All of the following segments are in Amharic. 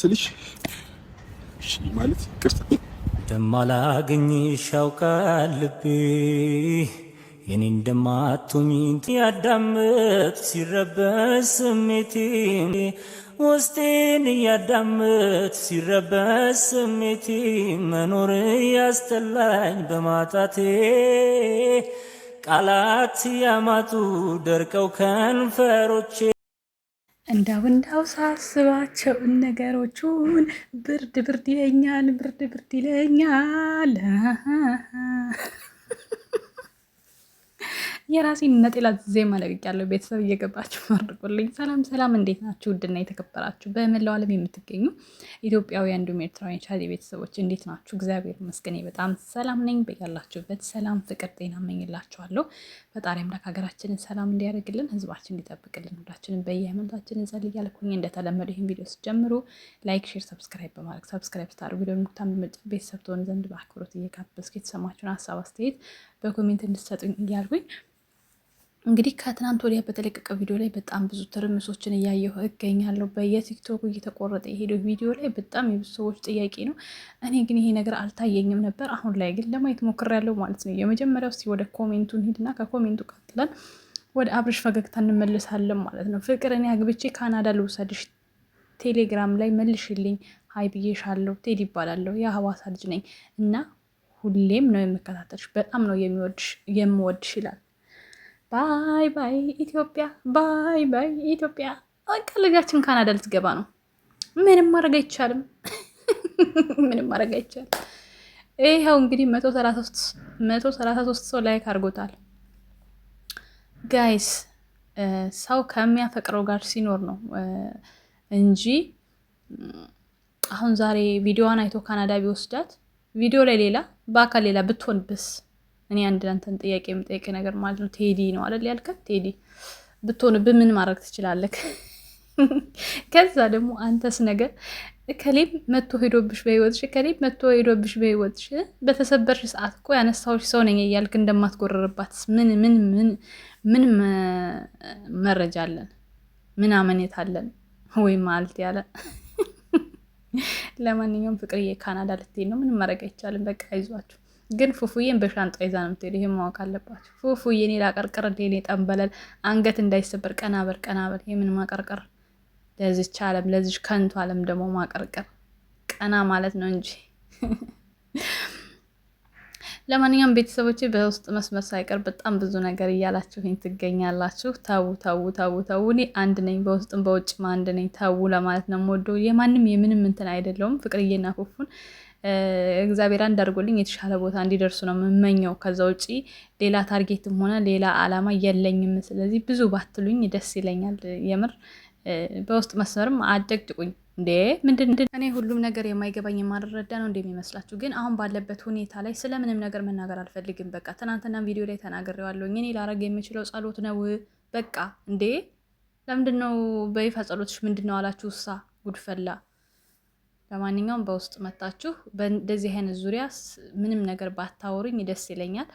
ስልሽ ማለት ቅርታ እንደማላገኝሽ ያውቃል ልቤ የኔ እንደማቱኝ ያዳምጥ ሲረበስ ስሜቴ ውስጤን እያዳምጥ ሲረበስ ስሜቴ መኖር ያስጠላኝ በማጣቴ ቃላት ያማጡ ደርቀው ከንፈሮቼ እንዳው እንዳው ነገሮቹን ብርድ ብርድ ይለኛል፣ ብርድ ብርድ ይለኛል። የራሴን ነጠላ ዜማ ለብቄያለሁ። ቤተሰብ እየገባችሁ መርቁልኝ። ሰላም ሰላም፣ እንዴት ናችሁ? ውድና የተከበራችሁ በመላው ዓለም የምትገኙ ኢትዮጵያውያን እንዲሁም ኤርትራውያን ቻ ቤተሰቦች እንዴት ናችሁ? እግዚአብሔር ይመስገን በጣም ሰላም ነኝ። በያላችሁበት ሰላም፣ ፍቅር፣ ጤና እመኝላችኋለሁ። ፈጣሪ አምላክ ሀገራችንን ሰላም እንዲያደርግልን፣ ህዝባችን እንዲጠብቅልን ሁላችንም በየሃይማኖታችን እንጸልይ እያልኩኝ እንደተለመደ ይህን ቪዲዮ ስጀምሩ ላይክ፣ ሼር፣ ሰብስክራይብ በማድረግ ሰብስክራይብ ስታደርጉ ደግሞ ቤተሰብ ትሆኑ ዘንድ በአክብሮት እየጋበዝኩ የተሰማችሁን ሀሳብ አስተያየት በኮሜንት እንድትሰጡኝ እያልኩኝ እንግዲህ ከትናንት ወዲያ በተለቀቀ ቪዲዮ ላይ በጣም ብዙ ትርምሶችን እያየሁ እገኛለሁ። በየቲክቶኩ እየተቆረጠ የሄደው ቪዲዮ ላይ በጣም የብዙ ሰዎች ጥያቄ ነው። እኔ ግን ይሄ ነገር አልታየኝም ነበር። አሁን ላይ ግን ለማየት ሞክሬያለሁ ማለት ነው። የመጀመሪያው እስኪ ወደ ኮሜንቱን ሂድና ከኮሜንቱ ቀጥለን ወደ አብርሽ ፈገግታ እንመልሳለን ማለት ነው። ፍቅር እኔ አግብቼ ካናዳ ልውሰድሽ ቴሌግራም ላይ መልሽልኝ ሀይ ብዬሻለሁ። ቴዲ ይባላለሁ። የሀዋሳ ልጅ ነኝ እና ሁሌም ነው የምከታተልሽ፣ በጣም ነው የምወድሽ ይላል። ባይ ባይ ኢትዮጵያ፣ ባይ ባይ ኢትዮጵያ። በቃ ልጃችን ካናዳ ልትገባ ነው። ምንም ማድረግ አይቻልም። ምንም ማድረግ አይቻልም። ይኸው እንግዲህ መቶ ሰላሳ ሶስት ሰው ላይክ አድርጎታል። ጋይስ ሰው ከሚያፈቅረው ጋር ሲኖር ነው እንጂ አሁን ዛሬ ቪዲዮዋን አይቶ ካናዳ ቢወስዳት ቪዲዮ ላይ ሌላ በአካል ሌላ ብትሆንብስ? እኔ አንድ አንተን ጥያቄ የምጠይቅ ነገር ማለት ነው። ቴዲ ነው አይደል ያልከት? ቴዲ ብትሆንብህ ምን ማድረግ ትችላለህ? ከዛ ደግሞ አንተስ ነገር ከሌም መቶ ሄዶብሽ በህይወትሽ ከሌም መቶ ሄዶብሽ በህይወትሽ በተሰበርሽ ሰዓት እኮ ያነሳሁሽ ሰው ነኝ እያልክ እንደማትጎረርባት ምን ምን ምን ምን መረጃ አለን? ምን አመኔት አለን? ወይ ማለት ያለ ለማንኛውም ፍቅርዬ ካናዳ ልትሄድ ነው። ምንም ማድረግ አይቻልም። በቃ አይዟችሁ። ግን ፉፉዬን በሻንጣ ይዛ ነው የምትሄደው። ይህም ማወቅ አለባችሁ። ፉፉዬ እኔ ላቀርቅር እንደ እኔ ጠንበለል አንገት እንዳይሰበር ቀናበር ቀናበር። የምን ማቀርቀር? ለዚች ዓለም ለዚች ከንቱ ዓለም ደግሞ ማቀርቀር ቀና ማለት ነው እንጂ ለማንኛውም ቤተሰቦች በውስጥ መስመር ሳይቀር በጣም ብዙ ነገር እያላችሁኝ ትገኛላችሁ። ተው ተው ተው ተው፣ እኔ አንድ ነኝ፣ በውስጥም በውጭም አንድ ነኝ። ተው ለማለት ነው የምወደው። የማንም የምንም እንትን አይደለውም። ፍቅርዬና ፉፉን እግዚአብሔር አንድ አድርጎልኝ የተሻለ ቦታ እንዲደርሱ ነው የምመኘው። ከዛ ውጪ ሌላ ታርጌትም ሆነ ሌላ አላማ የለኝም። ስለዚህ ብዙ ባትሉኝ ደስ ይለኛል። የምር በውስጥ መስመርም አጨቅጭቁኝ። እንዴ ምንድን እኔ ሁሉም ነገር የማይገባኝ የማልረዳ ነው እንደሚመስላችሁ፣ ግን አሁን ባለበት ሁኔታ ላይ ስለምንም ነገር መናገር አልፈልግም። በቃ ትናንትና ቪዲዮ ላይ ተናግሬዋለሁኝ። እኔ ላረግ የምችለው ጸሎት ነው። በቃ እንዴ ለምንድን ነው በይፋ ጸሎትሽ ምንድን ነው አላችሁ? እሳ ጉድፈላ። ለማንኛውም በውስጥ መታችሁ በእንደዚህ አይነት ዙሪያ ምንም ነገር ባታወሩኝ ደስ ይለኛል።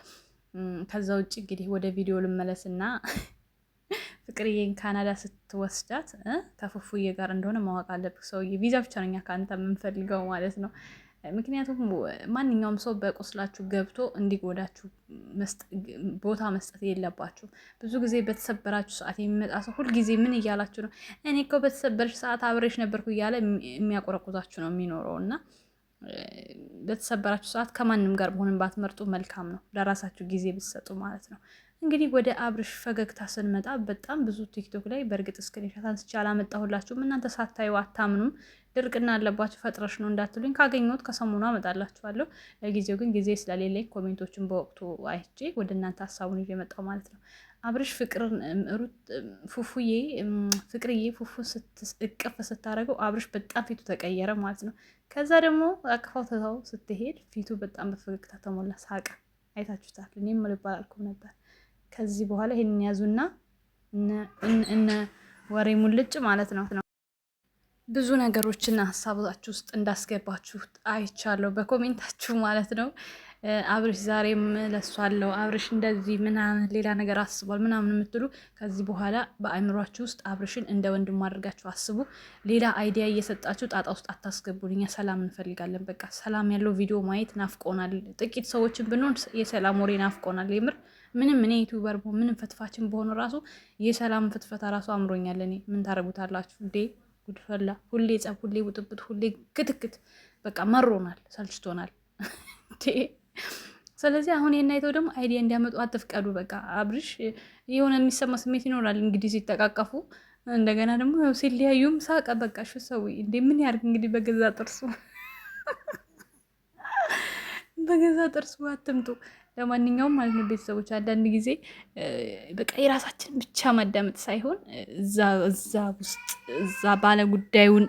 ከዛ ውጭ እንግዲህ ወደ ቪዲዮ ልመለስና ፍቅርዬን ካናዳ ስትወስዳት ከፉፉዬ ጋር እንደሆነ ማወቅ አለብህ። ሰውዬ ቪዛ ብቻ ነው እኛ ከአንተ የምንፈልገው ማለት ነው። ምክንያቱም ማንኛውም ሰው በቁስላችሁ ገብቶ እንዲጎዳችሁ ቦታ መስጠት የለባችሁ። ብዙ ጊዜ በተሰበራችሁ ሰዓት የሚመጣ ሰው ሁልጊዜ ምን እያላችሁ ነው? እኔ እኮ በተሰበረች ሰዓት አብሬሽ ነበርኩ እያለ የሚያቆረቁዛችሁ ነው የሚኖረው እና በተሰበራችሁ ሰዓት ከማንም ጋር መሆንን ባትመርጡ መልካም ነው። ለራሳችሁ ጊዜ ብትሰጡ ማለት ነው። እንግዲህ ወደ አብርሽ ፈገግታ ስንመጣ በጣም ብዙ ቲክቶክ ላይ በእርግጥ ስክሪንሻት አንስቼ አላመጣሁላችሁም። እናንተ ሳታዩ አታምኑም። ድርቅና አለባችሁ ፈጥረሽ ነው እንዳትሉኝ፣ ካገኘሁት ከሰሞኑ አመጣላችኋለሁ። ለጊዜው ግን ጊዜ ስለሌለኝ ኮሜንቶችን በወቅቱ አይቼ ወደ እናንተ ሀሳቡን ይዤ መጣሁ ማለት ነው። አብርሽ ፉፉዬ ፍቅርዬ ፉፉ እቅፍ ስታደርገው አብርሽ በጣም ፊቱ ተቀየረ ማለት ነው። ከዛ ደግሞ አቅፋው ትታው ስትሄድ ፊቱ በጣም በፈገግታ ተሞላ፣ ሳቀ። አይታችሁታል። እኔም ልባላልኩም ነበር ከዚህ በኋላ ይሄንን ያዙና እነ ወሬ ሙልጭ ማለት ነው። ብዙ ነገሮችን ሀሳባችሁ ውስጥ እንዳስገባችሁ አይቻለሁ፣ በኮሜንታችሁ ማለት ነው። አብርሽ ዛሬም ለሷለው አብርሽ እንደዚህ ምናምን ሌላ ነገር አስቧል ምናምን የምትሉ ከዚህ በኋላ በአእምሯችሁ ውስጥ አብርሽን እንደ ወንድም አድርጋችሁ አስቡ። ሌላ አይዲያ እየሰጣችሁ ጣጣ ውስጥ አታስገቡን። እኛ ሰላም እንፈልጋለን። በቃ ሰላም ያለው ቪዲዮ ማየት ናፍቆናል። ጥቂት ሰዎችን ብንሆን የሰላም ወሬ ናፍቆናል የምር ምንም እኔ ዩቱበር በሆን ምንም ፈትፋችን በሆኑ ራሱ የሰላም ፍትፈታ ራሱ አምሮኛል። እኔ ምን ታደርጉታላችሁ? እንዴ? ጉድፈላ፣ ሁሌ ጸብ፣ ሁሌ ውጥብጥ፣ ሁሌ ክትክት በቃ መሮናል፣ ሰልችቶናል። ስለዚህ አሁን የናይተው ደግሞ አይዲያ እንዲያመጡ አትፍቀዱ። በቃ አብርሽ የሆነ የሚሰማ ስሜት ይኖራል እንግዲህ ሲጠቃቀፉ እንደገና ደግሞ ሲለያዩም ሳቀ። በቃ ሹ ሰው እንዴ ምን ያርግ እንግዲህ በገዛ ጥርሱ በገዛ ጥርሱ አትምጡ። ለማንኛውም ማለት ነው ቤተሰቦች አንዳንድ ጊዜ በቃ የራሳችን ብቻ ማዳመጥ ሳይሆን እዛ ውስጥ እዛ ባለ ጉዳዩን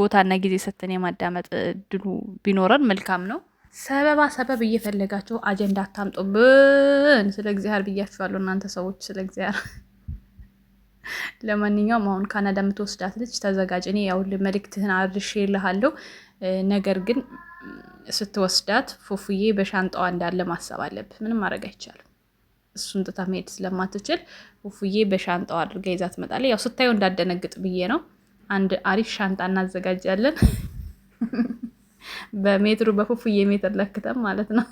ቦታና ጊዜ ሰተን የማዳመጥ እድሉ ቢኖረን መልካም ነው። ሰበባ ሰበብ እየፈለጋችሁ አጀንዳ አታምጡብን። ስለ እግዚአብሔር ብያችኋለሁ እናንተ ሰዎች ስለ እግዚአብሔር። ለማንኛውም አሁን ካናዳ የምትወስዳት ልጅ ተዘጋጅ። እኔ ያው መልእክትህን አድርሼልሃለሁ ነገር ግን ስትወስዳት ፉፉዬ በሻንጣዋ እንዳለ ማሰብ አለብህ። ምንም ማድረግ አይቻልም። እሱን ጥታ መሄድ ስለማትችል ፉፉዬ በሻንጣዋ አድርጋ ይዛ ትመጣለች። ያው ስታየው እንዳደነግጥ ብዬ ነው። አንድ አሪፍ ሻንጣ እናዘጋጃለን። በሜትሩ በፉፉዬ ሜትር ለክተም ማለት ነው።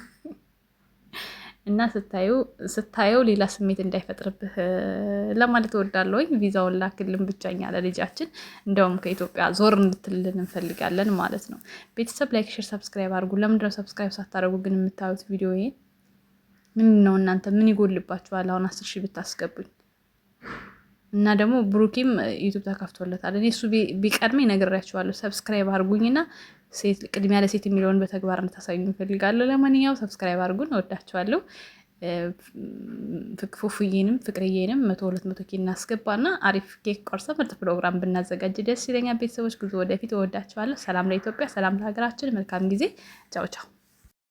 እና ስታየው ሌላ ስሜት እንዳይፈጥርብህ ለማለት እወዳለሁኝ። ቪዛውን ላክልን ብቻኛ ለልጃችን እንደውም ከኢትዮጵያ ዞር እንድትልልን እንፈልጋለን ማለት ነው። ቤተሰብ ላይክ፣ ሼር፣ ሰብስክራይብ አድርጉ። ለምንድነው ሰብስክራይብ ሳታደርጉ ግን የምታዩት ቪዲዮ? ምንድን ነው እናንተ ምን ይጎልባችኋል? አሁን አስር ሺህ ብታስገቡኝ እና ደግሞ ብሩኪም ዩቱብ ተከፍቶለታል። እኔ እሱ ቢቀድሜ ነግሬያችኋለሁ። ሰብስክራይብ አድርጉኝና ቅድሚያ ለሴት የሚለውን በተግባር እንድታሳዩ እንፈልጋለሁ። ለማንኛውም ሰብስክራይብ አድርጉን። እወዳችኋለሁ። ፉፉዬንም ፍቅርዬንም መቶ ሁለት መቶ ኬ እናስገባና አሪፍ ኬክ ቆርሰ ምርጥ ፕሮግራም ብናዘጋጅ ደስ ይለኛል። ቤተሰቦች ጉዞ ወደፊት። እወዳችኋለሁ። ሰላም ለኢትዮጵያ፣ ሰላም ለሀገራችን። መልካም ጊዜ። ቻው ቻው